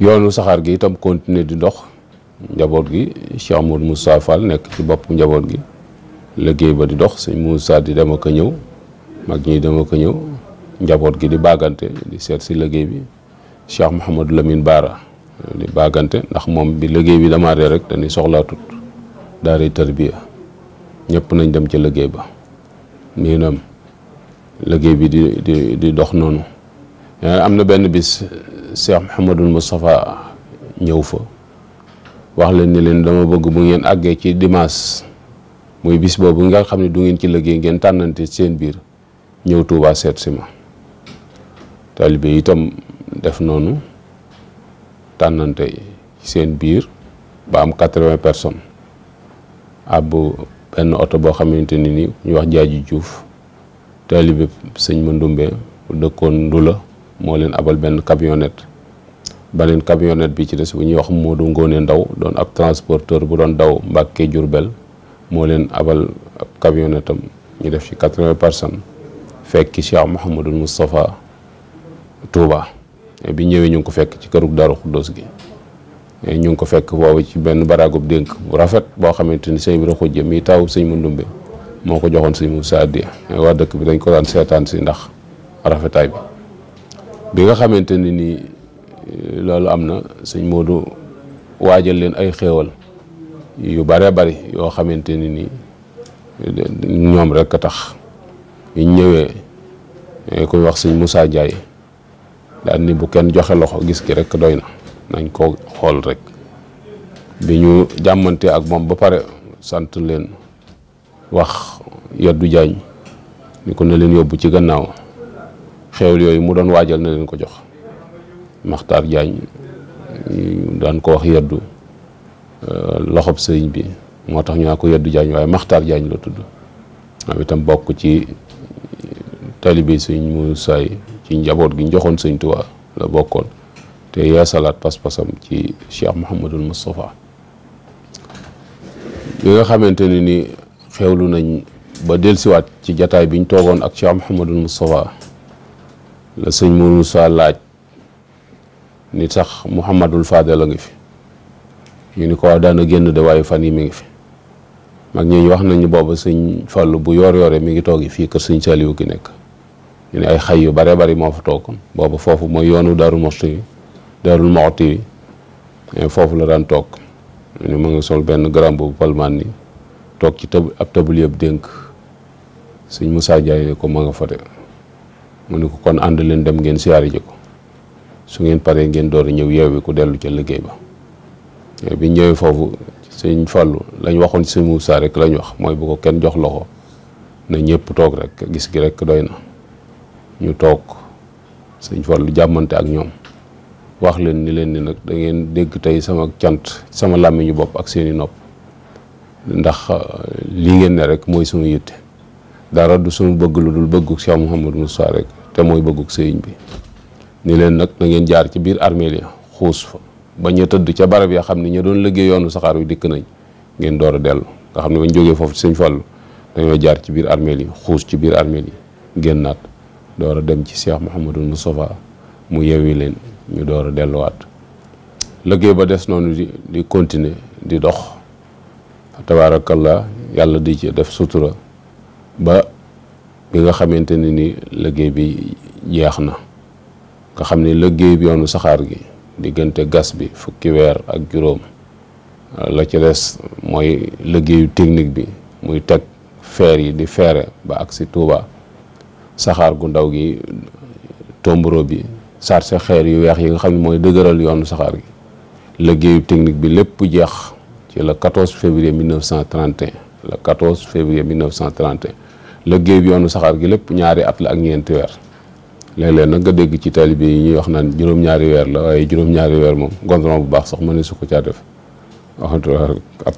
yoonu saxaar gi itam continuer di dox njaboot gi Cheikh Modou Moussa Fall nekk ci bopp njaboot gi liggéey ba di dox sëñ Moussa di dem ak a ñëw mag ñuy dem ak ñëw njaboot gi di baagante di seet si liggéey bi Cheikh Mouhamadou Lamine Baara di baagante ndax moom bi liggéey bi damaatee rek danuy dañuy soxlaatut daara tarbiya ñëpp nañ dem ca liggéey ba nii nam liggéey bi di di di dox noonu Euh, am na benn bis euh, Cheikh Mouhamadul Moustapha ñëw fa wax leen ni leen dama bëgg bu ngeen àggee ci dimanche muy bis boobu nga xam ne du ngeen ci liggéey ngeen tànnante seen biir ñëw Touba seet si ma taalibe itam def noonu tànnante seen biir ba am quatre-vingts personnes ab benn oto boo xamante ni ni ñu wax jaaji Juuf taalibe sëñ ma ndumbe bu dëkkoon Ndula moo leen abal benn camionnette beneen camionnette bi ci des bu ñuy wax du Ngone Ndaw doon ab transporteur bu doon daw Mbàkke Jurbel moo leen abal ab camionnette am ñu def ci quatre-vingts personnes fekki Cheikh Mouhamadul Moustapha Touba bi ñëwee ñu ngi ko fekk ci kërug Daaru Xuddoos gi ñu ngi ko fekk boobu ci benn baraagub dénk bu rafet boo xamante ni sëñ bi ra xujje mi taw sëñ mu ndumbe moo ko joxoon sëñ Moussa Addiya waa dëkk bi dañ ko daan seetaan si ndax rafetaay bi nga xamante ni nii loolu am na sëñ Moodu waajal leen ay xéewal yu bare bari yoo xamante ne nii ñoom rek a tax ñu ñëwee eh, kuy wax sëñ musaa Ndiaye daal ni bu kenn joxe loxo gis ki rek doy na nañ koo xool rek bi ñu jàmmante ak moom ba pare sant leen wax yaddu jaañ ni ko ne leen yóbbu ci gannaaw xewal yooyu mu doon waajal na leen ko jox maxtar Jaañ daan ko wax yeddu euh, loxob sëriñ bi moo tax ñu naa ko yeddu jaañ waaye maxtar Jaañ loo tudd am itam bokk ci talibe sëriñ Muusaa yi ci njaboot gi ñu joxoon sëriñ Tuubaa la bokkoon te yeesalaat pas-pasam ci Cheikh Mouhamadul Moustapha bi nga xamante ne ni xewlu nañ ba dellusiwaat ci jataay bi ñu toogoon ak Cheikh Mouhamadul Moustapha la sëñ Mourou Moussa laaj ni tax Mouhamadul Fadel a ngi fi ñu ni ko wax daana génn de waaye fan yi mi ngi fi mag ñooñu wax nañu booba sëñ Fallou bu yoor yoore mi ngi toogi fii kër sëñ Saliou gi nekk ñu ne ay xay yu bare bari moo fa toog booba foofu mooy yoonu Darou Mouhty yi Darou Mouhty yi foofu la daan toog ñu mu ngi sol benn grand boobu palmaan ni toog ci tab ab tabul yëpp dénk sëñ Moussa Diaye ko ma nga fa mu ne ko kon ànd leen dem ngeen siyaari ji ko su ngeen paree ngeen door a ñëw yeewi ku dellu ca liggéey ba bi ñëwee foofu sëñ Fallou lañ waxoon si sëñ rek lañ wax mooy bu ko kenn jox loxo na ñëpp toog rek gis gi rek doy na ñu toog sëñ Fallou jàmmante ak ñoom wax leen ni leen ni nag da dégg tey sama cant sama làmmiñu bopp ak seeni nopp ndax uh, lii ngeen ne rek mooy sunu yitte dara du sunu bëgg lu dul bëggu Cheikh Mouhamadou Moussa rek te mooy bëggug sëriñ bi ni leen nag na ngeen jaar ci biir armeel yi xuus fa ba ñu tëdd ca barab ya xam ne ñu doon liggéey yoonu saxaar wi dikk nañ ngeen door a dellu nga xam ne bañ jógee foofu sëñ Fallu dañoo jaar ci biir armeel yi xuus ci biir armeel yi génnaat door a dem ci Cheikh Mouhamadul Moustapha mu yewi leen ñu door a delluwaat liggéey ba des noonu di di continuer di dox tabaarakallah yàlla di ci def sutura ba bi nga xamante ne ni liggéey bi jeex na nga xam ne liggéey bi yoonu saxaar gi diggante gas bi fukki weer ak juróom la ci des mooy liggéeyu technique bi muy teg feer yi di feere ba ak si Tuuba saxaar gu ndaw gi tomboro bi sarse xeer yu weex yi nga xam ne mooy dëgëral yoonu saxaar gi liggéeyu technique bi lépp jeex ci le 14 février 1931 le 14 février 1931 liggéey bi yoonu saxaar gi lépp ñaari at la ak ñeenti weer léeg leen nag nga dégg ci taalibe yi ñuy wax naan juróom-ñaari weer la waaye juróom-ñaari weer moom gontron bu baax sax ma ne su ko caa def waxantu ab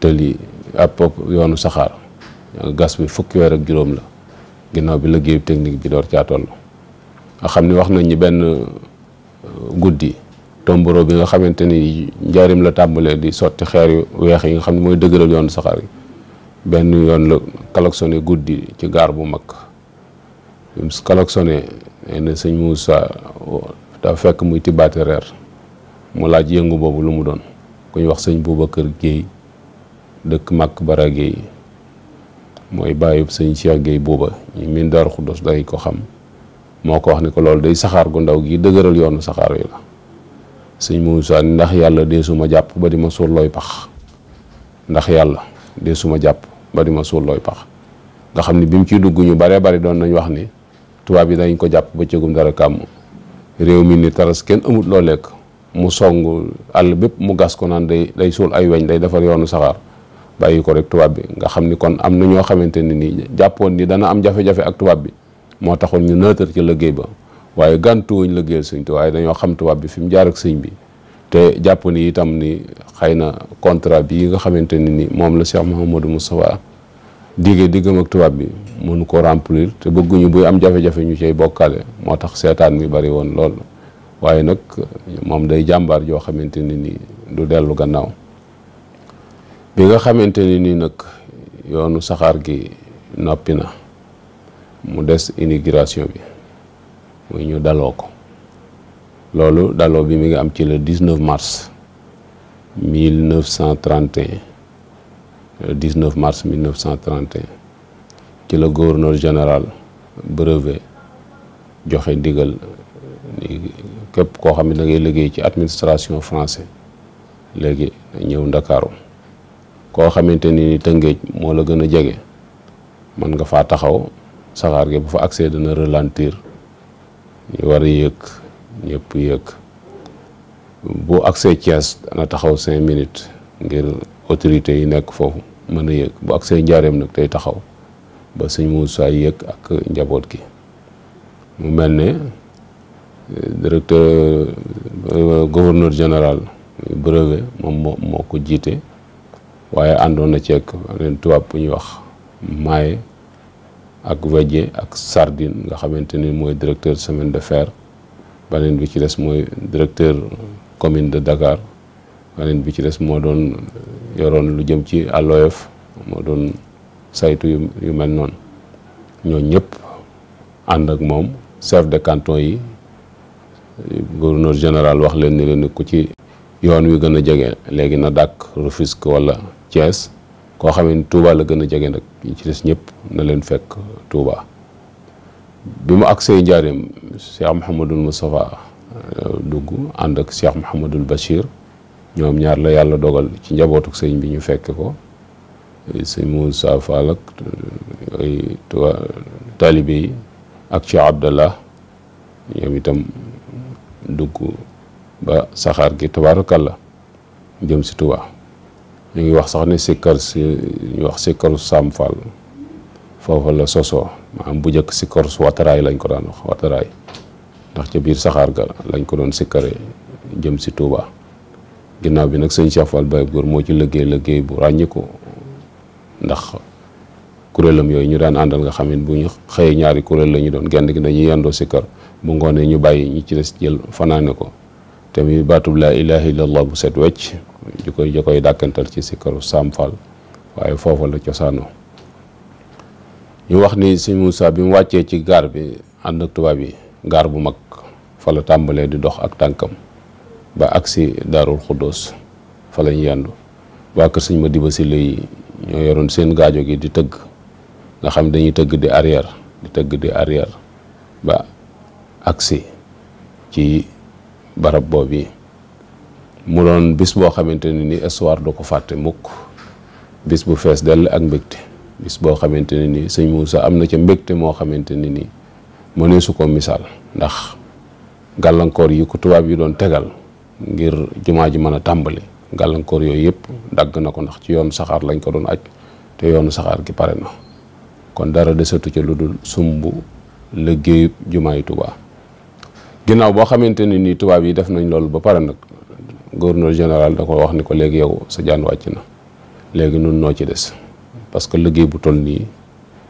tëli ab yoonu saxaar gas bi fukki weer ak juróom la ginnaaw bi liggéey technique bi door caa toll nga xam ne wax nañ ñi benn uh, guddi tomboro bi nga xamante ni njaarim la tàmbalee di sotti xeer yu weex yi nga xam ne mooy dëgëral yoonu saxaar yi benn yoon la klaxonné guddi ci gaar bu mag bi mu klaxonné nee na sëñ Moussa daa fekk muy tibbaate reer mu laaj yëngu boobu lu mu doon ku ñu wax sëñ kër Guèye dëkk Makk Bara Guèye mooy bàyyub sëñ Cheikh Guèye buuba ñu miin Daaru day ko xam moo ko wax ni ko loolu day saxaar gu ndaw gi dëgëral yoon saxaar yi la sëñ Moussa ndax yàlla dee suma jàpp ba di ma suul looy pax ndax yàlla dee suma jàpp ba di ma suul looy pax nga xam ne bi mu ciy dugg ñu baree bari doon nañ wax ni tubaab yi dañ ko jàpp ba cëgum dara kàmm réew mi ni taras kenn amut loo lekk mu song àll bépp mu gas ko naan day day suul ay weñ day defar yoonu saxaar bàyyi ko rek tubaab bi nga xam ni kon am na ñoo xamante ne nii jàppoon ni dana am jafe-jafe ak tubaab bi moo taxoon ñu nëtër ci liggéey ba waaye gàntuwuñ liggéeyal sëñ tubaab waaye dañoo xam tubaab bi fi mu jaar ak sëñ bi te jàpp ni itam ni xëy na contrat bi yi nga xamante ne ni moom la Cheikh Mouhamadou Moustapha digge diggam ak tubaab bi mënu ko remplir te bëgguñu buy am jafe-jafe ñu cay bokkale moo tax seetaan bi bari woon lool waaye nag moom day jàmbaar joo xamante ne ni du dellu gannaaw bi nga xamante ne ni nag yoonu saxaar gi noppi na mu des inauguration bi muy ñu daloo ko loolu daloo bi mi ngi am ci le 19 mars 1931 19 mars 1931 ci la gouverneur général brevet joxe ndigal képp koo xam ne da liggéey ci administration français léegi ñëw ndakaaru koo xamante ni ni tëngéej moo la gën a jege mën nga faa taxaw saxaar gi bu fa accès dana ralentir ñu war a yëg ñëpp boo accès Thiès na taxaw cinq minutes ngir autorités yi nekk foofu mën a yëg bu accès njaareem nag tey taxaw ba sëñ Moussa yëg ak njaboot gi mu mel ne euh, directeur euh, gouverneur général brevet moom moo ko jiite waaye àndoon na ceeg leen tubaab bu ñuy wax maaye ak wejje ak sardine nga xamante ni mooy directeur semaine de fer beneen bi ci des mooy directeur commune de Dakar beneen bi ci des moo doon yoroon lu jëm ci àlloyof moo doon saytu yu mel noonu ñoo ñëpp ànd ak moom chef de canton yi gouverneur général wax leen ni leen ku ci yoon wi gën a jege léegi na dàkk Rufisque wala Thiès koo xam ne Touba la gën a jege nag ñu ci des ñëpp na leen fekk Touba bi mu agsee njaareem Cheikh Mouhamadul Moustapha dugg ànd ak Cheikh Mouhamadul Bachir ñoom ñaar la yàlla dogal ci njabootuk sëñ bi ñu fekk ko sëñ Moussa Fall ak ay taalibe yi ak Cheikh Abdallah ñoom itam dugg ba saxaar gi tabaarakalla jëm si Tuubaa ñu ngi wax sax ni sikkar si ñu wax sikkaru Sam Fall foofa la sosoo maanaam bu njëkk sikkar su wataraay lañ ko daan wax wataraay ndax ca biir saxaar ga lañ ko doon sikkare jëm si Touba ginnaaw bi nag sëñ Cheikh Fall gor moo ci liggéey liggéey bu ràññi ko ndax kuréelam yooyu ñu daan àndal nga xam ne bu ñu xëyee ñaari kuréel la ñu doon genn gi dañuy yendoo sikkar bu ngoonee ñu bàyyi ñu ci des jël fanaane ko te muy baatub laa ilaaha illallah bu set wecc ju koy ju koy dàkkantal ci sikkaru Sam Fall waaye foofa la cosaanoo ñu wax ni si Moussa bi mu wàccee ci gaar bi ànd ak tubaab yi gaar bu mag fa la tàmbalee di dox ak tànkam ba agsi daarul xuddoos fa lañ yendu waa kër sëñ ma diba si lay ñoo yoroon seen gaajo gi di tëgg nga xam dañuy tëgg di arrière di tëgg di arrière ba agsi ci barab boobu yi mu doon bis boo xamante ne ni histoire du ko fàtte mukk bis bu fees dell ak mbégte bis boo xamante ne ni sëñ Moussa am na ca mbégte moo xamante ne ni mënee su ko misaal ndax gàllankoor yi ko tubaab yi doon tegal ngir jumaa ji mën a tàmbali gàllankoor yooyu yëpp dagg na ko ndax ci yoonu saxaar lañ ko doon aj te yoonu saxaar gi pare na kon dara desatu ci lu dul sumb liggéeyub jumaa yi Tuubaa ginnaaw boo xamante ne nii tubaab yi def nañ loolu ba pare nag gouverneur général da ko wax ni ko léegi yow sa jaan wàcc na léegi nun noo ci des parce que liggéey bu toll nii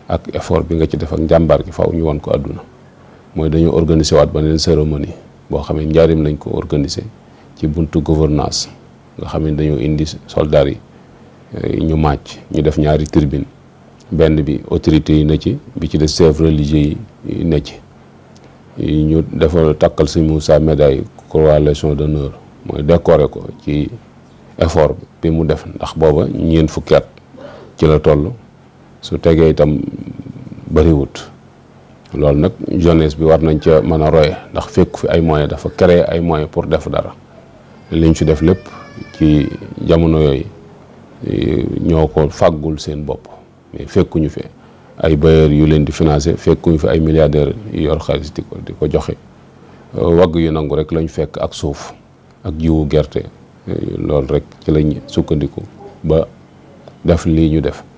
ak effort bi nga ci def ak njàmbaar gi faw ñu won ko àdduna mooy dañu organiser waat beneen cérémonie boo xam ne njaarim lañ ko organiser ci buntu gouvernance nga xam ne dañoo indi soldats yi eh, ñu màcc ñu def ñaari tribune benn bi autorités yi ne ci bi ci des chefs religieux yi ne ci ñu dafa takkal Sëñ Moussa médaille croix légion d'honneur mooy décorer ko ci effort bi mu def ndax booba ñeent fukki at ci la toll su tegee itam bëriwut loolu nag jeunesse bi war nañ ca mën a roye ndax fekku fi ay moyens dafa créer ay moyens pour def dara liñ fi def lépp ci jamono yooyu eh, ñoo ko fàggul seen bopp mais fekkuñu fi ay bailleurs yu leen di financer fekkuñu fi ay milliardaires yor xaalis di ko di ko joxe eh, wagg yu nangu rek lañ fekk ak suuf ak jiwu gerte eh, loolu rek ci lañ sukkandiku ba def lii ñu def